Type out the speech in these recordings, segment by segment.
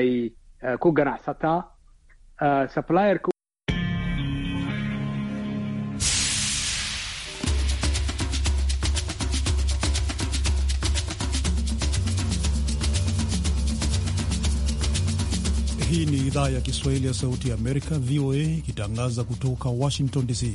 ay ku ganacsataa Hii ni idhaa ya Kiswahili ya Sauti ya Amerika, VOA, ikitangaza kutoka Washington DC.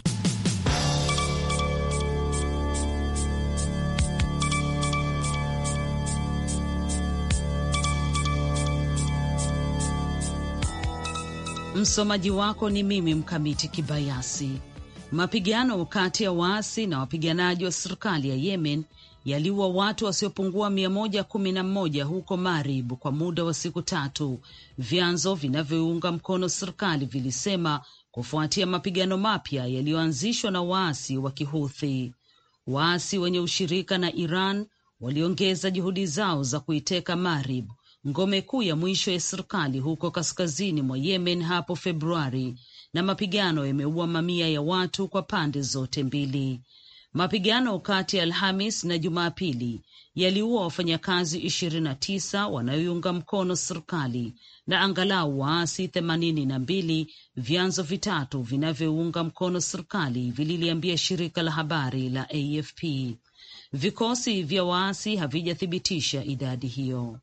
Msomaji wako ni mimi Mkamiti Kibayasi. Mapigano kati ya waasi na wapiganaji wa serikali ya Yemen yaliua watu wasiopungua mia moja kumi na mmoja huko Marib kwa muda wa siku tatu, vyanzo vinavyoiunga mkono serikali vilisema, kufuatia mapigano mapya yaliyoanzishwa na waasi wa Kihuthi. Waasi wenye ushirika na Iran waliongeza juhudi zao za kuiteka Marib ngome kuu ya mwisho ya serikali huko kaskazini mwa Yemen hapo Februari, na mapigano yameua mamia ya watu kwa pande zote mbili. Mapigano kati ya Alhamis na Jumapili yaliua wafanyakazi ishirini na tisa wanaoiunga mkono serikali na angalau waasi themanini na mbili, vyanzo vitatu vinavyounga mkono serikali vililiambia shirika la habari la AFP. Vikosi vya waasi havijathibitisha idadi hiyo.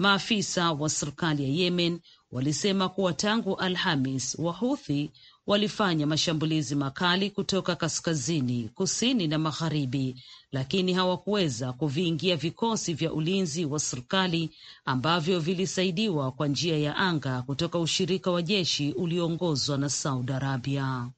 Maafisa wa serikali ya Yemen walisema kuwa tangu Alhamis Wahuthi walifanya mashambulizi makali kutoka kaskazini, kusini na magharibi, lakini hawakuweza kuviingia vikosi vya ulinzi wa serikali ambavyo vilisaidiwa kwa njia ya anga kutoka ushirika wa jeshi ulioongozwa na Saudi Arabia.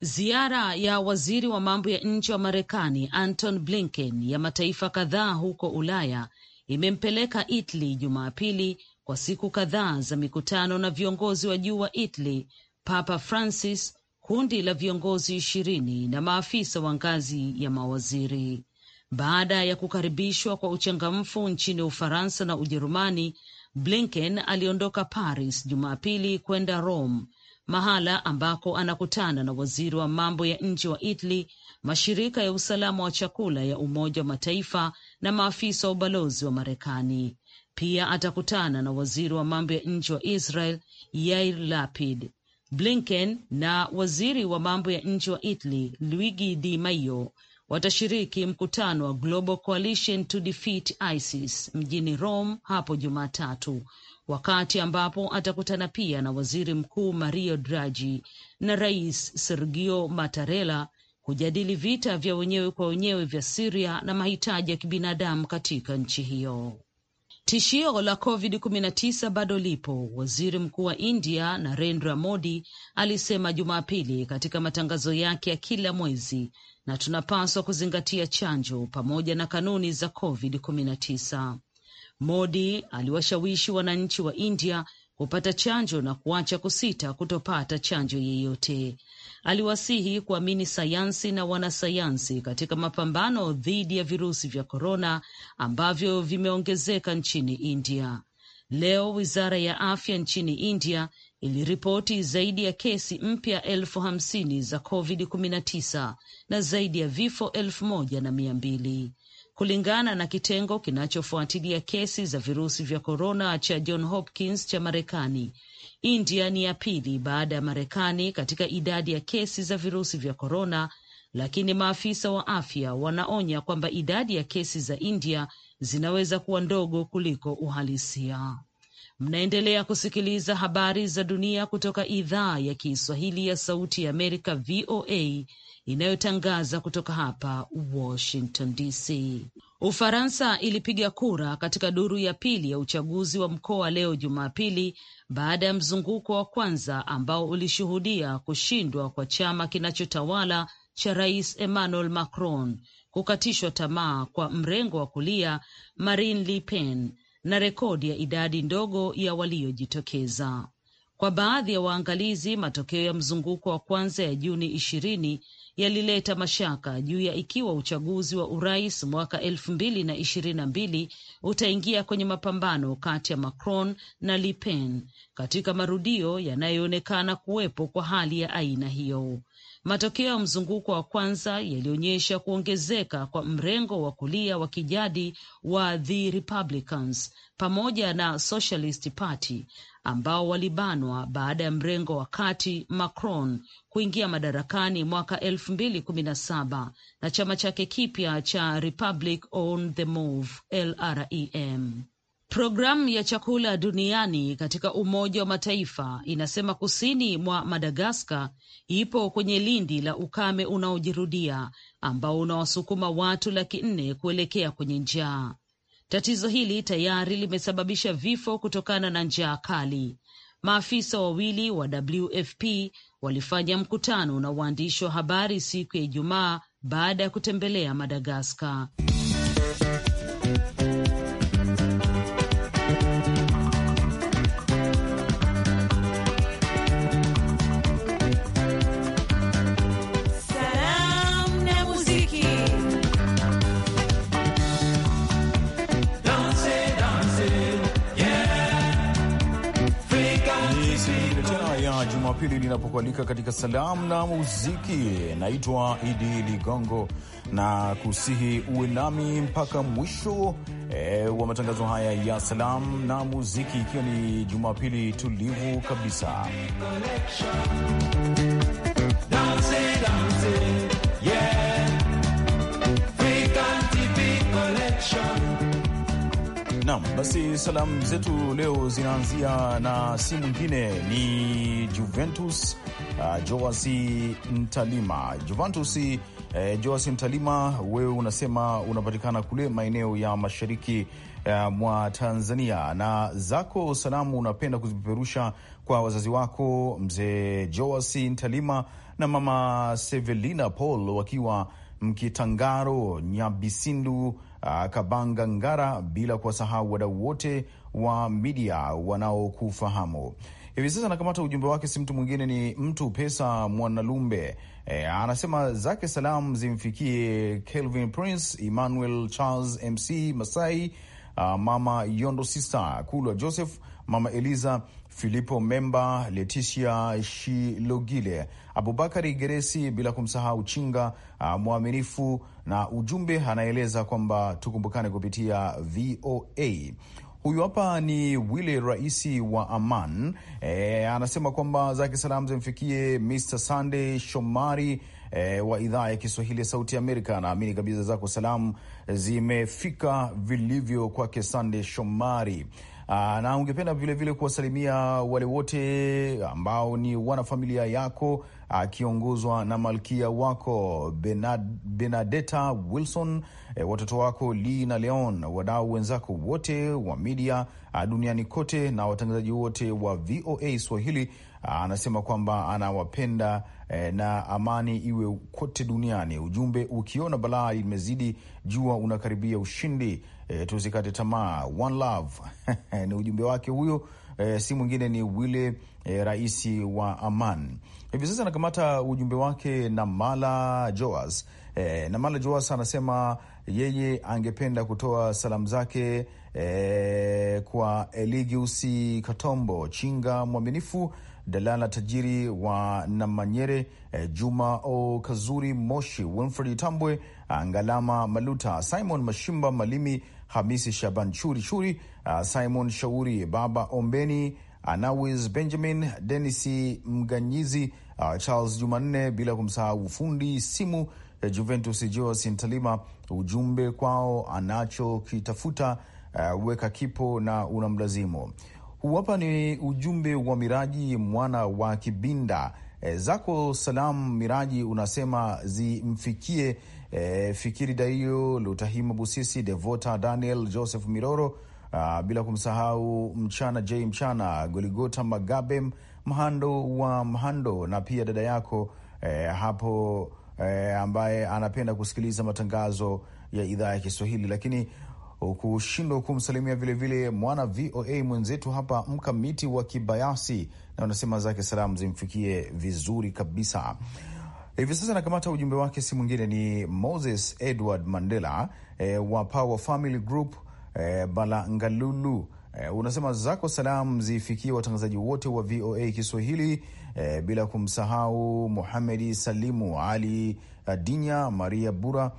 Ziara ya waziri wa mambo ya nje wa Marekani Anton Blinken ya mataifa kadhaa huko Ulaya imempeleka Italy Jumapili kwa siku kadhaa za mikutano na viongozi wa juu wa Italy, Papa Francis, kundi la viongozi ishirini na maafisa wa ngazi ya mawaziri. Baada ya kukaribishwa kwa uchangamfu nchini Ufaransa na Ujerumani, Blinken aliondoka Paris Jumapili kwenda Rome, mahala ambako anakutana na waziri wa mambo ya nje wa Italy, mashirika ya usalama wa chakula ya Umoja wa Mataifa na maafisa wa ubalozi wa Marekani. Pia atakutana na waziri wa mambo ya nje wa Israel Yair Lapid. Blinken na waziri wa mambo ya nje wa Italy Luigi Di Maio watashiriki mkutano wa Global Coalition to Defeat ISIS mjini Rome hapo Jumatatu, wakati ambapo atakutana pia na waziri mkuu Mario Draghi na rais Sergio Mattarella kujadili vita vya wenyewe kwa wenyewe vya Siria na mahitaji ya kibinadamu katika nchi hiyo. Tishio la COVID-19 bado lipo, waziri mkuu wa India Narendra Modi alisema Jumapili katika matangazo yake ya kila mwezi, na tunapaswa kuzingatia chanjo pamoja na kanuni za COVID-19. Modi aliwashawishi wananchi wa India kupata chanjo na kuacha kusita kutopata chanjo yeyote aliwasihi kuamini sayansi na wanasayansi katika mapambano dhidi ya virusi vya korona ambavyo vimeongezeka nchini India. Leo wizara ya afya nchini India iliripoti zaidi ya kesi mpya elfu hamsini za COVID-19 na zaidi ya vifo elfu moja na mia mbili kulingana na kitengo kinachofuatilia kesi za virusi vya korona cha John Hopkins cha Marekani. India ni ya pili baada ya Marekani katika idadi ya kesi za virusi vya korona, lakini maafisa wa afya wanaonya kwamba idadi ya kesi za India zinaweza kuwa ndogo kuliko uhalisia. Mnaendelea kusikiliza habari za dunia kutoka idhaa ya Kiswahili ya Sauti ya Amerika, VOA, inayotangaza kutoka hapa Washington DC. Ufaransa ilipiga kura katika duru ya pili ya uchaguzi wa mkoa leo Jumapili, baada ya mzunguko wa kwanza ambao ulishuhudia kushindwa kwa chama kinachotawala cha Rais Emmanuel Macron, kukatishwa tamaa kwa mrengo wa kulia Marine Le Pen na rekodi ya idadi ndogo ya waliojitokeza. Kwa baadhi ya waangalizi, matokeo ya mzunguko wa kwanza ya Juni ishirini yalileta mashaka juu ya ikiwa uchaguzi wa urais mwaka elfu mbili na ishirini na mbili utaingia kwenye mapambano kati ya Macron na Le Pen katika marudio yanayoonekana kuwepo kwa hali ya aina hiyo. Matokeo ya mzunguko wa kwanza yalionyesha kuongezeka kwa mrengo wa kulia wa kijadi wa the Republicans pamoja na Socialist Party ambao walibanwa baada ya mrengo wa kati Macron kuingia madarakani mwaka elfu mbili kumi na saba na chama chake kipya cha Republic on the Move LREM. Programu ya chakula duniani katika Umoja wa Mataifa inasema kusini mwa Madagaskar ipo kwenye lindi la ukame unaojirudia ambao unawasukuma watu laki nne kuelekea kwenye njaa. Tatizo hili tayari limesababisha vifo kutokana na njaa kali. Maafisa wawili wa WFP walifanya mkutano na waandishi wa habari siku ya Ijumaa baada ya kutembelea Madagaskar. ninapokualika katika salamu na muziki. Naitwa Idi Ligongo na kusihi uwe nami mpaka mwisho e, wa matangazo haya ya salamu na muziki, ikiwa ni Jumapili tulivu kabisa. basi salamu zetu leo zinaanzia na si mwingine ni Juventus uh, Joasi Ntalima. Juventus uh, Joasi ntalima wewe unasema unapatikana kule maeneo ya mashariki uh, mwa Tanzania, na zako salamu unapenda kuzipeperusha kwa wazazi wako mzee Joasi ntalima na mama Sevelina Paul wakiwa Mkitangaro Nyabisindu Kabanga Ngara, bila kuwasahau wadau wote wa midia wanaokufahamu hivi sasa. Anakamata ujumbe wake, si mtu mwingine, ni mtu pesa Mwanalumbe. E, anasema zake salam zimfikie Kelvin Prince, Emmanuel Charles, MC Masai, a, uh, mama Yondo, sister Kulwa Joseph, mama Eliza Filipo Memba, Leticia Shilogile, Abubakari Geresi, bila kumsahau Chinga uh, mwaminifu. Na ujumbe anaeleza kwamba tukumbukane kupitia VOA. Huyu hapa ni Wile, raisi wa Aman. E, eh, anasema kwamba zake salamu zimfikie Mr Sunday Shomari E, wa idhaa ya Kiswahili ya Sauti Amerika. Naamini kabisa zako salamu zimefika vilivyo kwake Sande Shomari. Aa, ah, na ungependa vilevile kuwasalimia wale wote ambao ni wanafamilia yako akiongozwa ah, na malkia wako Benad, Benadeta Wilson e, watoto wako Lee na Leon, wadau wenzako wote wa media ah, duniani kote na watangazaji wote wa VOA Swahili Ah, anasema kwamba anawapenda eh, na amani iwe kote duniani. Ujumbe ukiona balaa imezidi, jua unakaribia ushindi. Eh, tusikate tamaa, one love ni ujumbe wake huyo. Eh, si mwingine ni wile eh, rais wa Aman. Hivi sasa anakamata ujumbe wake Namala Joas. Eh, Namala Joas anasema yeye angependa kutoa salamu zake eh, kwa Eligiusi Katombo Chinga mwaminifu Dalala Tajiri wa Namanyere, eh, Juma O Kazuri Moshi, Winfred Tambwe, ah, Ngalama Maluta, Simon Mashimba Malimi, Hamisi Shaban Churi Churi, uh, Simon Shauri, Baba Ombeni, Anawis Benjamin, Denis Mganyizi, uh, Charles Jumanne, bila kumsahau fundi simu uh, Juventus Joas Ntalima. Ujumbe kwao anachokitafuta uh, eh, weka kipo na unamlazimu Huwapa ni ujumbe wa Miraji mwana wa Kibinda. E, zako salamu Miraji unasema zimfikie e, Fikiri Daio Lutahima Busisi Devota Daniel Joseph Miroro a, bila kumsahau Mchana J Mchana Goligota Magabe Mhando wa Mhando na pia dada yako e, hapo e, ambaye anapenda kusikiliza matangazo ya idhaa ya Kiswahili, lakini kushindwa kumsalimia vilevile mwana VOA mwenzetu hapa mkamiti wa Kibayasi, na wanasema zake salamu zimfikie vizuri kabisa. Hivi sasa nakamata ujumbe wake, si mwingine ni Moses Edward Mandela e, wa Power Family Group e, Balangalulu. E, unasema zako salamu zifikie watangazaji wote wa VOA Kiswahili e, bila kumsahau Muhamedi Salimu Ali Dinya, Maria Bura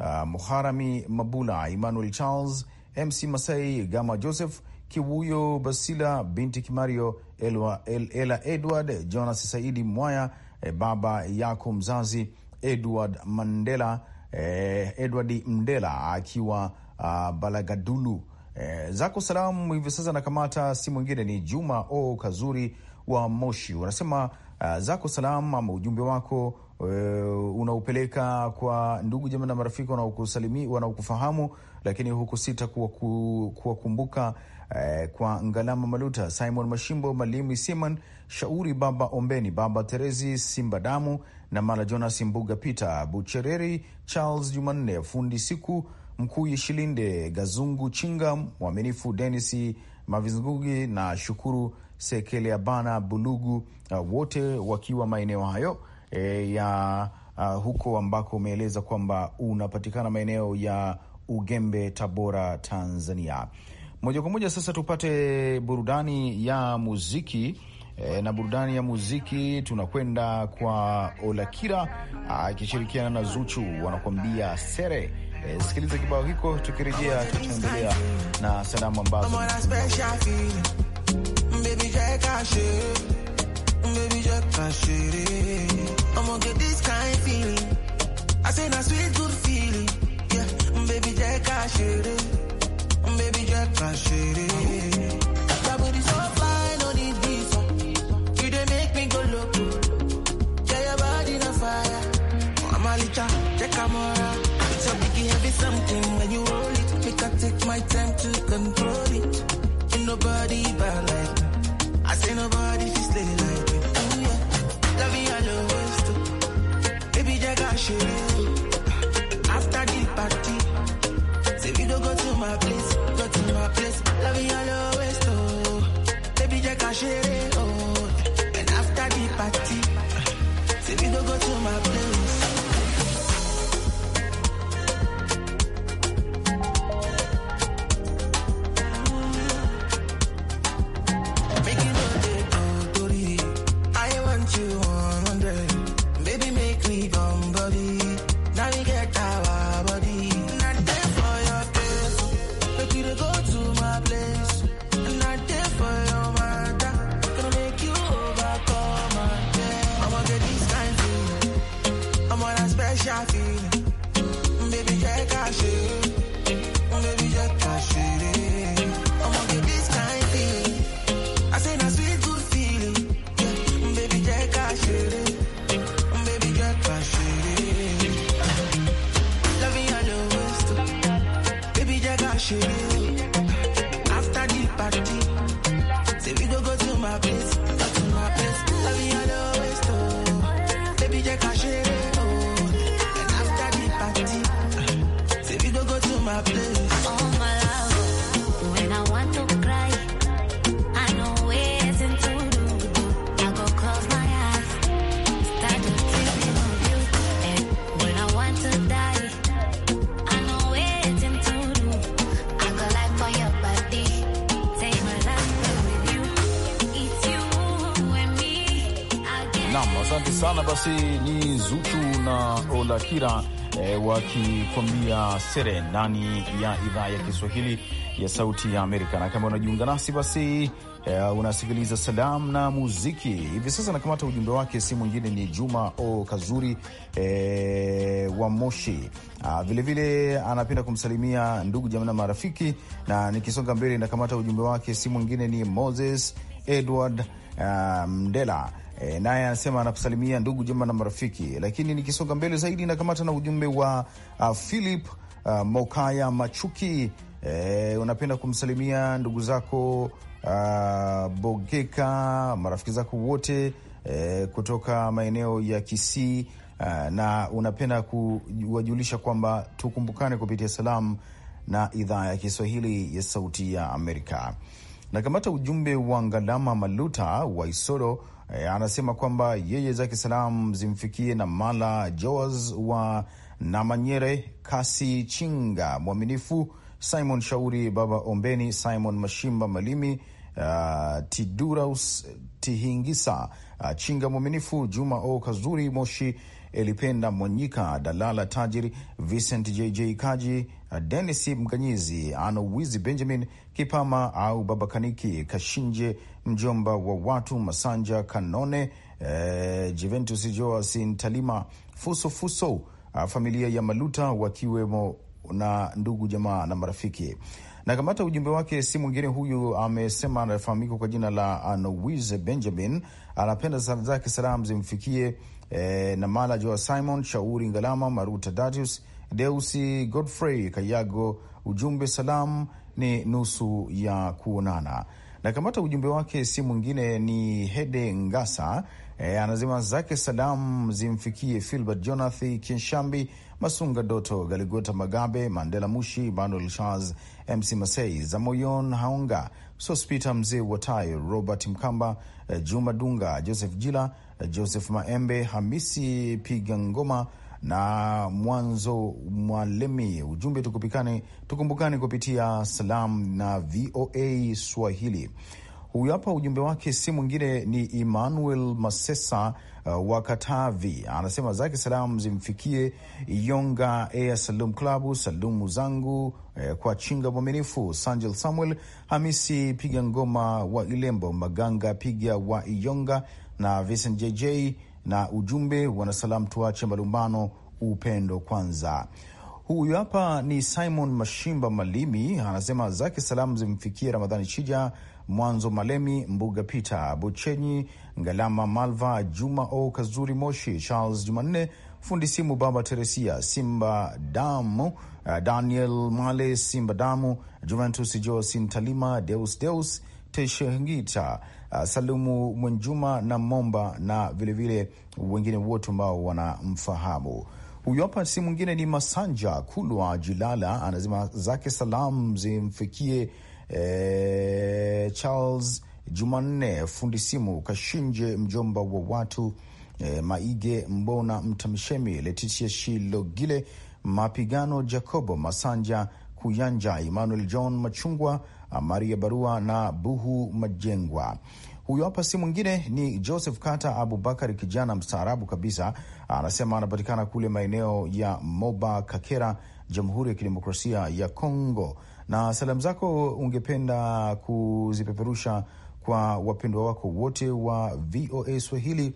uh, Muharami Mabula, Emmanuel Charles, MC Masai, Gama Joseph Kiwuyo, Basila binti Kimario, Elwa, El, Ela Edward, Jonas Saidi Mwaya, eh, baba yako mzazi Edward Mandela, eh, Edward Mndela akiwa uh, Balagadulu. Eh, zako salamu hivi sasa nakamata si mwingine ni Juma O Kazuri wa Moshi, unasema uh, ah, zako salamu ama ujumbe wako Eh, unaupeleka kwa ndugu jamaa na marafiki wanaokusalimi wanaokufahamu, lakini huku sita kuwakumbuka eh, kwa Ngalama Maluta, Simon Mashimbo, Malimi Siman, Shauri Baba Ombeni, Baba Terezi Simba Damu na Mala Jonas Mbuga, Peter Buchereri, Charles Jumanne Fundi, Siku Mkuu, yishilinde Gazungu Chinga, Mwaminifu Denis Mavizungugi na Shukuru Sekeleabana Bulugu, uh, wote wakiwa maeneo hayo e, ya uh, huko ambako umeeleza kwamba unapatikana maeneo ya Ugembe, Tabora, Tanzania. Moja kwa moja sasa tupate burudani ya muziki. E, na burudani ya muziki tunakwenda kwa Olakira akishirikiana na Zuchu wanakuambia sere. E, sikiliza kibao hiko, tukirejea tutaendelea na salamu ambazo I'ma get this kind of feeling. I say na sweet good feeling. Yeah, mm, baby, just cash it. Mm, baby, just cash it. That body so fine, no need visa. You dey make me go loco. Yeah, your body na fire. Oh, I'm a licha, check camera. biggie heavy something when you roll it. Make I take my time to control it. Ain't nobody balance. we go. basi ni Zuchu na Olakira e, wakikwambia sere ndani ya idhaa ya Kiswahili ya Sauti ya Amerika. Na kama unajiunga nasi basi e, unasikiliza salamu na muziki hivi sasa. Nakamata ujumbe wake, si mwingine ni Juma O Kazuri e, wa Moshi. Vilevile anapenda kumsalimia ndugu jamaa na marafiki, na nikisonga mbele nakamata ujumbe wake, si mwingine ni Moses Edward a, Mdela E, naye anasema anakusalimia ndugu jamaa na marafiki. Lakini nikisonga mbele zaidi nakamata na ujumbe wa uh, Philip uh, Mokaya Machuki. E, unapenda kumsalimia ndugu zako uh, Bogeka, marafiki zako wote e, kutoka maeneo ya Kisii uh, na unapenda kuwajulisha kwamba tukumbukane kupitia salamu na idhaa ya Kiswahili ya Sauti ya Amerika. Nakamata ujumbe wa Ngalama Maluta wa Isoro e, anasema kwamba yeye zake salam zimfikie na Mala Joas wa Namanyere, Kasi Chinga Mwaminifu, Simon Shauri, Baba Ombeni, Simon Mashimba Malimi, uh, Tiduraus Tihingisa, uh, Chinga Mwaminifu, Juma O Kazuri Moshi, Elipenda Mwanyika, Dalala Tajiri, Vincent JJ Kaji, Denis Mganyizi, Anowizi Benjamin Kipama au Baba Kaniki Kashinje, mjomba wa watu Masanja Kanone, eh, Juventus Joasin Talima Fusofuso, ah, familia ya Maluta wakiwemo na ndugu jamaa na marafiki. Na kamata ujumbe wake, si mwingine huyu, amesema anafahamika kwa jina la Anowize Benjamin, anapenda salamu zake, salam zimfikie eh, na mala Joa Simon Shauri Ngalama Maruta Datius Deusi Godfrey Kayago Ujumbe salamu ni nusu ya kuonana. Na kamata ujumbe wake si mwingine ni Hede Ngasa. E, anazima zake salam zimfikie Filbert Jonathan Kinshambi, Masunga Doto, Galigota Magabe, Mandela Mushi, Manuel Charles, MC Masei, Zamoyon Haonga, Sospita Mzee Watai, Robert Mkamba, e, Juma Dunga, Joseph Jila, e, Joseph Maembe, Hamisi Piga Ngoma na mwanzo Mwalimi, Ujumbe tukupikane, tukumbukane kupitia salam na VOA Swahili. Huyu hapa ujumbe wake si mwingine ni Emmanuel Masesa uh, wa Katavi. Anasema zake salamu zimfikie Yonga Air Salum Klabu, salumu zangu eh, kwa Chinga Mwaminifu, Sanjel Samuel Hamisi Piga Ngoma wa Ilembo, Maganga Piga wa Iyonga na Vincent JJ na ujumbe wanasalamu, tuache malumbano, upendo kwanza. Huyu hapa ni Simon Mashimba Malimi, anasema zake salamu zimfikie Ramadhani Chija, Mwanzo Malemi, Mbuga pite Buchenyi, Ngalama Malva, Juma O Kazuri Moshi, Charles Jumanne Fundi Simu, Baba Teresia Simba Damu, eh, Daniel Male Simba Damu, Juventus Josin Talima, Deus Deus Teshengita, uh, Salumu Mwenjuma na Momba na vilevile wengine wote ambao wanamfahamu. Huyu hapa si mwingine ni Masanja Kulwa Jilala, anazima zake salamu zimfikie eh, Charles Jumanne fundi simu Kashinje mjomba wa watu eh, Maige Mbona Mtamshemi Letitia Shilogile Mapigano Jacobo Masanja Kuyanja, Emmanuel John Machungwa, Maria Barua na Buhu Majengwa. Huyo hapa si mwingine ni Joseph Kata Abubakar, kijana mstaarabu kabisa. Anasema anapatikana kule maeneo ya Moba Kakera, Jamhuri ya Kidemokrasia ya Kongo, na salamu zako ungependa kuzipeperusha kwa wapendwa wako wote wa VOA Swahili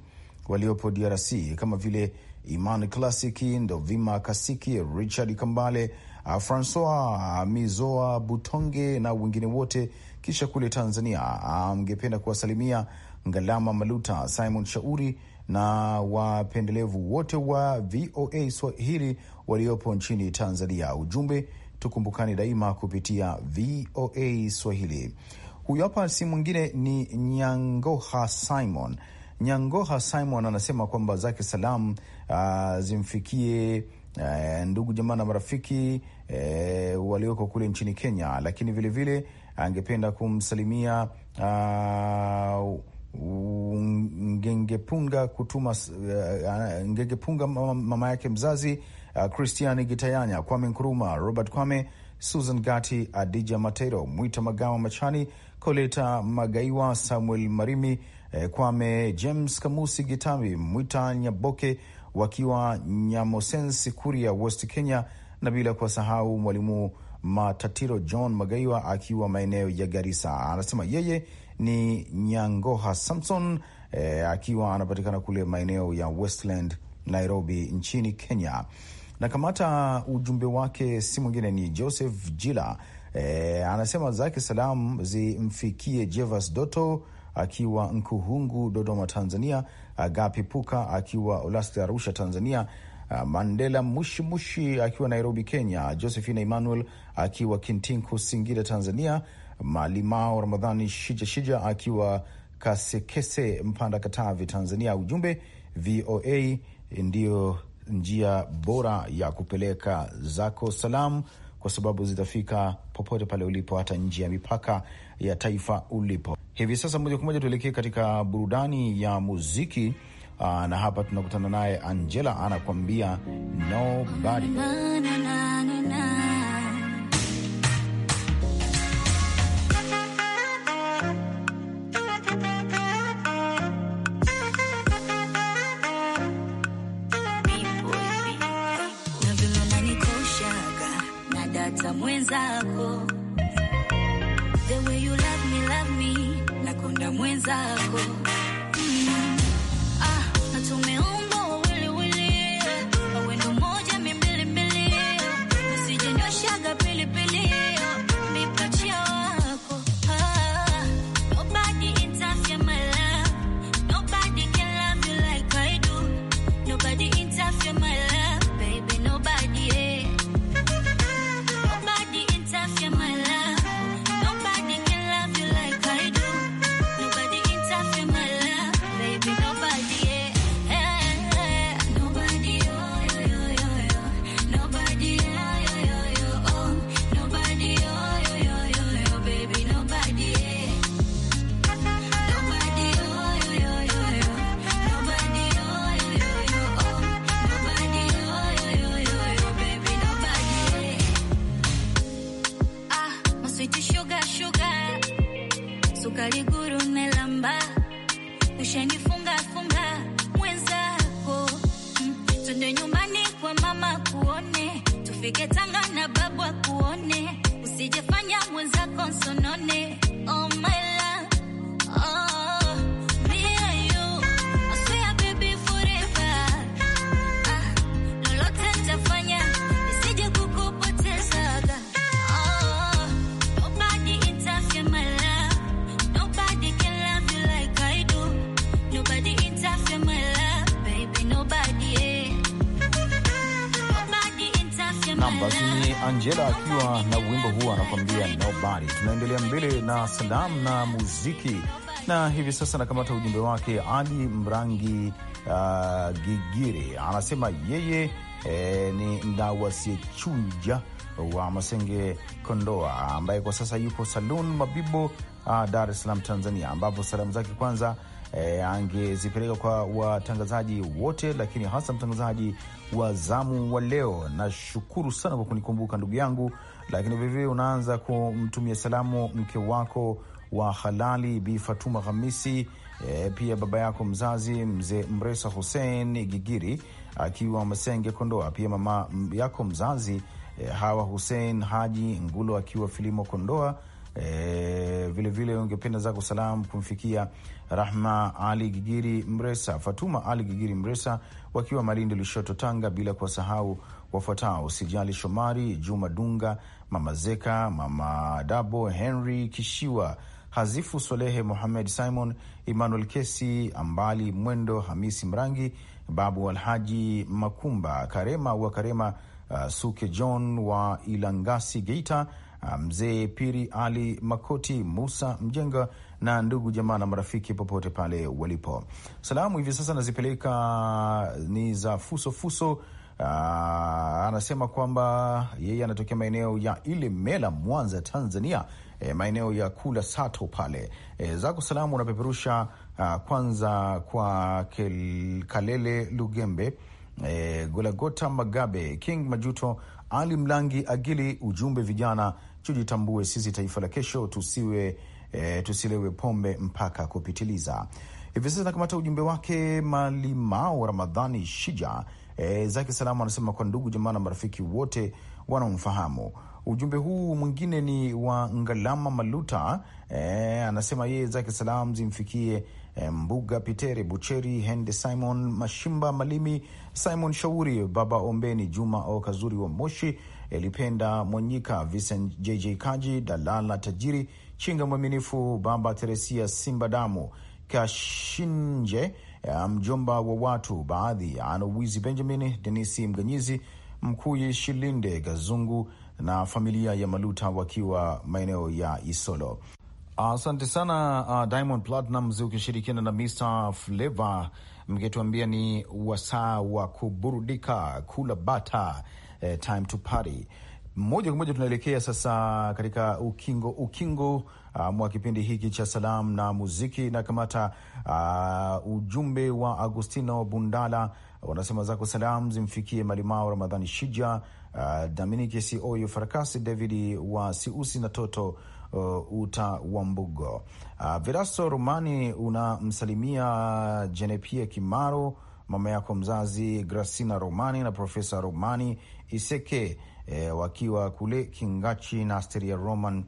waliopo DRC kama vile Iman Klasiki, Ndovima Kasiki, Richard Kambale Ah, Francois ah, Mizoa Butonge na wengine wote. Kisha kule Tanzania angependa ah, kuwasalimia Ngalama Maluta, Simon Shauri na wapendelevu wote wa VOA Swahili waliopo nchini Tanzania. Ujumbe tukumbukane daima kupitia VOA Swahili. Huyu hapa si mwingine ni Nyangoha Simon. Nyangoha Simon anasema kwamba zake salamu uh, zimfikie eh, ndugu jamaa na marafiki eh, walioko kule nchini Kenya, lakini vilevile vile, angependa kumsalimia uh, Ngengepunga kutuma uh, Ngengepunga mama yake mzazi uh, Christian Gitayanya, Kwame nkuruma Robert Kwame, Susan Gati, Adija Matero, Mwita Magawa Machani, Koleta Magaiwa, Samuel Marimi, eh, Kwame James Kamusi gitami Mwita Nyaboke wakiwa Nyamosensi Kuria, West Kenya, na bila kuwasahau mwalimu Matatiro John Magaiwa akiwa maeneo ya garisa Anasema yeye ni Nyangoha Samson e, akiwa anapatikana kule maeneo ya Westland, Nairobi nchini Kenya. Na kamata ujumbe wake si mwingine ni Joseph Jila e, anasema zake salam zimfikie Jevas Doto akiwa Nkuhungu, Dodoma, Tanzania, Agapi uh, Puka akiwa Olasti, Arusha, Tanzania, uh, Mandela Mushimushi akiwa Nairobi, Kenya, Josephine Emmanuel akiwa Kintinku, Singida, Tanzania, Malimao Ramadhani Shijashija akiwa Kasekese, Mpanda, Katavi, Tanzania. Ujumbe VOA ndiyo njia bora ya kupeleka zako salamu kwa sababu zitafika popote pale ulipo, hata nje ya mipaka ya taifa ulipo. Hivi sasa moja kwa moja tuelekee katika burudani ya muziki. Uh, na hapa tunakutana naye Angela anakuambia nobody mwenzako kumponda mwenzako mm. ah, salamu na muziki, na hivi sasa nakamata ujumbe wake Ali Mrangi uh, Gigiri anasema yeye eh, ni mdau asiyechuja wa Masenge, Kondoa, ambaye kwa sasa yupo salun Mabibo, uh, Dar es Salaam, Tanzania, ambapo salamu zake kwanza E, angezipeleka kwa watangazaji wote, lakini hasa mtangazaji wa zamu wa leo. Nashukuru sana kwa kunikumbuka ndugu yangu lakini vilevile unaanza kumtumia salamu mke wako wa halali Bi Fatuma Hamisi, e, pia baba yako mzazi Mzee Mresa Hussein Gigiri akiwa Masenge, Kondoa, pia mama yako mzazi e, Hawa Hussein Haji Ngulo akiwa Filimo, Kondoa. E, vilevile ungependa zako salamu kumfikia Rahma Ali Gigiri Mresa, Fatuma Ali Gigiri Mresa wakiwa Malindi, Lushoto, Tanga, bila kuwasahau wafuatao: Sijali Shomari, Juma Dunga, Mama Zeka, Mama Dabo, Henry Kishiwa, Hazifu Solehe, muhamed Simon, Emmanuel Kesi, Ambali Mwendo, Hamisi Mrangi, Babu Alhaji Makumba, Karema wa Karema, uh, Suke John wa Ilangasi Geita, uh, Mzee Piri Ali Makoti, Musa Mjenga na ndugu jamaa na marafiki popote pale walipo. Salamu hivi sasa nazipeleka uh, ni za fusofuso fuso, Uh, anasema kwamba yeye anatokea maeneo ya Ilemela, Mwanza, Tanzania, e, maeneo ya kula sato pale. E, zako salamu unapeperusha uh, kwanza kwa kel, Kalele Lugembe, e, Golagota Magabe, King Majuto, Ali Mlangi Agili. Ujumbe vijana, tujitambue sisi taifa la kesho, tusiwe e, tusilewe pombe mpaka kupitiliza. Hivi sasa nakamata ujumbe wake Malimao Ramadhani Shija e, zake salamu anasema kwa ndugu jamaa na marafiki wote wanaomfahamu. Ujumbe huu mwingine ni wa Ngalama Maluta e, anasema yeye zake salamu zimfikie e, Mbuga Pitere Bucheri Hende Simon Mashimba Malimi Simon Shauri Baba Ombeni Juma Okazuri wa Moshi Elipenda Mwanyika Vincent JJ Kaji Dalala Tajiri Chinga Mwaminifu Baba Teresia Simba Damu Kashinje mjomba wa watu baadhi, Anowizi Benjamin, Denisi Mganyizi, Mkuyi Shilinde Gazungu na familia ya Maluta wakiwa maeneo ya Isolo. Asante uh, sana uh, Diamond Platnumz ukishirikiana na Mr Flavour mkituambia ni wasaa wa kuburudika, kula bata, eh, time to party. Moja kwa moja tunaelekea sasa katika ukingo ukingo uh, mwa kipindi hiki cha salamu na muziki na kamata uh, ah, ujumbe wa Agustino Bundala wanasema zako salamu zimfikie Malimao Ramadhani Shija, uh, ah, Dominiki Sioyo Farakasi, David wa Siusi na Toto uh, Uta wa Mbugo. Uh, Virasto Romani unamsalimia Jenepia Kimaro, mama yako mzazi Grasina Romani na Profesa Romani Iseke, eh, wakiwa kule Kingachi na Asteria Roman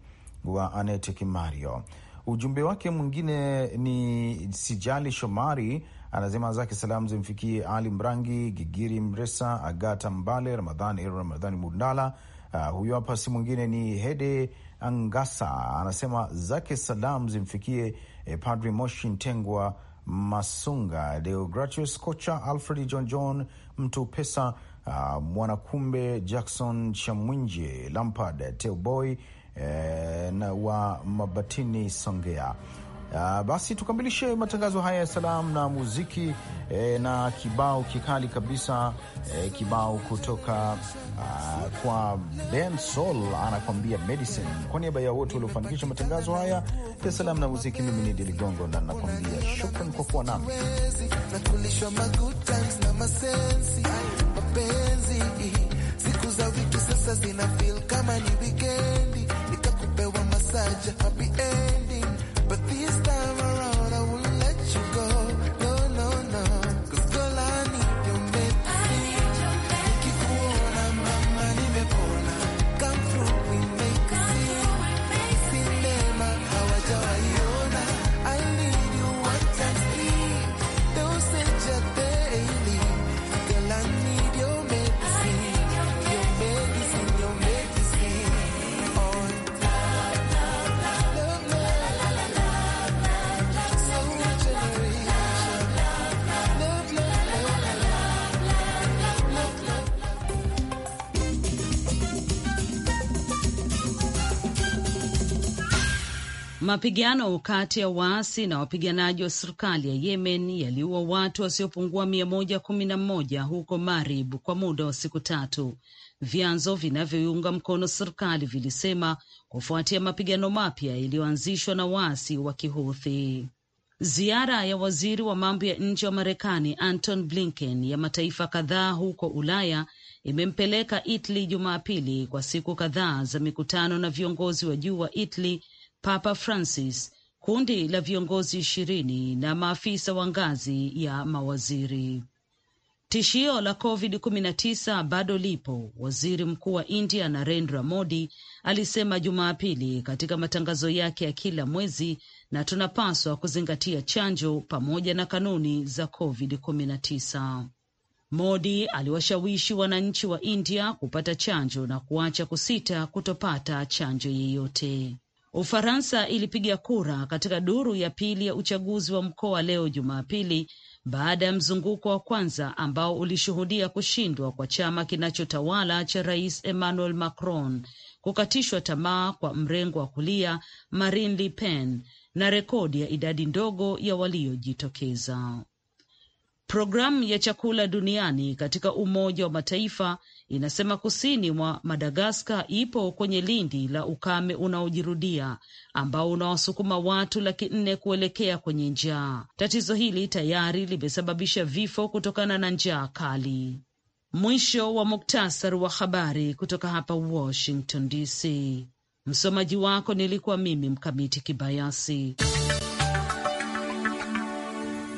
wa Anet Kimario. Ujumbe wake mwingine ni Sijali Shomari anasema zake salamu zimfikie Ali Mrangi, Gigiri Mresa, Agata Mbale, Ramadhani Ramadhani Mundala. Uh, ah, huyo hapa si mwingine ni Hede Angasa, anasema zake salamu zimfikie eh, Padri Moshi Ntengwa Masunga, Deogratius Kocha, Alfred John John Mtu Pesa, uh, Mwanakumbe Jackson Chamwinje, Lampard Teoboy Eh, na wa Mabatini Songea. Uh, basi tukamilishe matangazo haya ya salamu na muziki eh, na kibao kikali kabisa eh, kibao kutoka uh, kwa Ben Sol anakwambia medicine. Kwa niaba ya wote waliofanikisha matangazo haya ya salamu na muziki, mimi ni Diligongo na nakwambia shukran kwa kuwa nami such a happy end. Mapigano kati ya waasi na wapiganaji wa serikali ya Yemen yaliua watu wasiopungua mia moja kumi na mmoja huko Marib kwa muda wa siku tatu, vyanzo vinavyoiunga mkono serikali vilisema, kufuatia mapigano mapya yaliyoanzishwa na waasi wa Kihuthi. Ziara ya waziri wa mambo ya nje wa Marekani Anton Blinken ya mataifa kadhaa huko Ulaya imempeleka Italy Jumapili kwa siku kadhaa za mikutano na viongozi wa juu wa Italy Papa Francis, kundi la viongozi ishirini na maafisa wa ngazi ya mawaziri. Tishio la COVID-19 bado lipo, waziri mkuu wa India Narendra Modi alisema Jumapili katika matangazo yake ya kila mwezi, na tunapaswa kuzingatia chanjo pamoja na kanuni za COVID-19. Modi aliwashawishi wananchi wa India kupata chanjo na kuacha kusita kutopata chanjo yeyote. Ufaransa ilipiga kura katika duru ya pili ya uchaguzi wa mkoa leo Jumapili, baada ya mzunguko wa kwanza ambao ulishuhudia kushindwa kwa chama kinachotawala cha Rais Emmanuel Macron, kukatishwa tamaa kwa mrengo wa kulia Marine Le Pen na rekodi ya idadi ndogo ya waliojitokeza. Programu ya chakula duniani katika Umoja wa Mataifa inasema kusini mwa Madagaskar ipo kwenye lindi la ukame unaojirudia ambao unawasukuma watu laki nne kuelekea kwenye njaa. Tatizo hili tayari limesababisha vifo kutokana na njaa kali. Mwisho wa muktasari wa habari kutoka hapa Washington DC. Msomaji wako nilikuwa mimi Mkamiti Kibayasi.